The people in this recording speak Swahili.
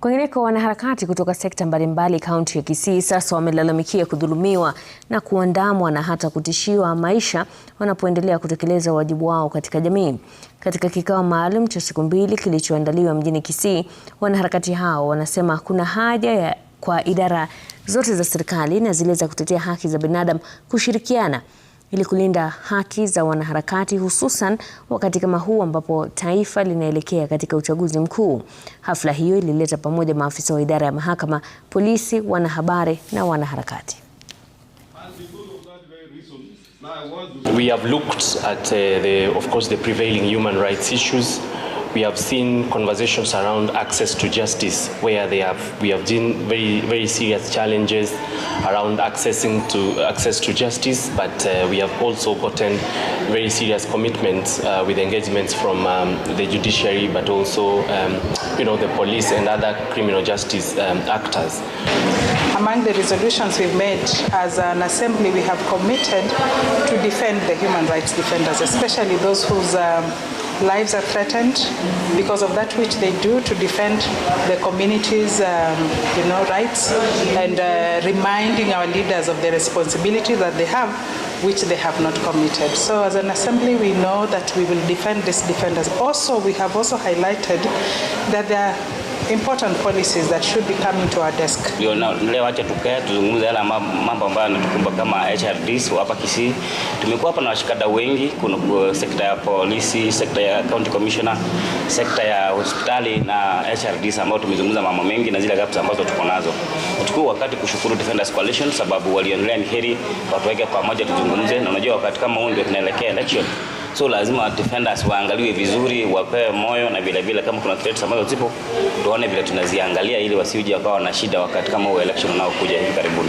Kwingineko, wanaharakati kutoka sekta mbalimbali kaunti ya Kisii sasa wamelalamikia kudhulumiwa na kuandamwa na hata kutishiwa maisha wanapoendelea kutekeleza wajibu wao katika jamii. Katika kikao maalum cha siku mbili kilichoandaliwa mjini Kisii, wanaharakati hao wanasema kuna haja ya kwa idara zote za serikali na zile za kutetea haki za binadamu kushirikiana ili kulinda haki za wanaharakati hususan wakati kama huu ambapo taifa linaelekea katika uchaguzi mkuu. Hafla hiyo ilileta pamoja maafisa wa idara ya mahakama, polisi, wanahabari na wanaharakati. We have looked at uh, the, of course, the prevailing human rights issues we have seen conversations around access to justice, where they have we have seen very very serious challenges around accessing to access to justice, but uh, we have also gotten very serious commitments uh, with engagements from um, the judiciary, but also um, you know the police and other criminal justice um, actors. Among the resolutions we've made as an assembly, we have committed to defend the human rights defenders, especially those whose um, lives are threatened because of that which they do to defend the community's um, you know, rights and uh, reminding our leaders of the responsibility that they have which they have not committed. So as an assembly, we know that we will defend these defenders. Also, we have also highlighted that there are important policies that should be coming to our desk. Leo acha tukae tuzungumze yale mambo ambayo yanatukumba kama HRDs hapa Kisii. Tumekuwa hapa na washikadau wengi, kuna uh, sekta ya polisi, sekta ya county commissioner, sekta ya hospitali na HRDs ambao tumezungumza mambo mengi na zile gaps ambazo tuko nazo. Tukuu wakati kushukuru Defenders Coalition sababu walionelea ni heri watu wake pamoja tuzungumze, na unajua wakati kama huu ndio tunaelekea election so lazima defenders waangaliwe vizuri, wapewe moyo na vile vile kama kuna threats ambazo zipo tuone vile tunaziangalia, ili wasije wakawa na shida wakati kama huu election unaokuja hivi karibuni.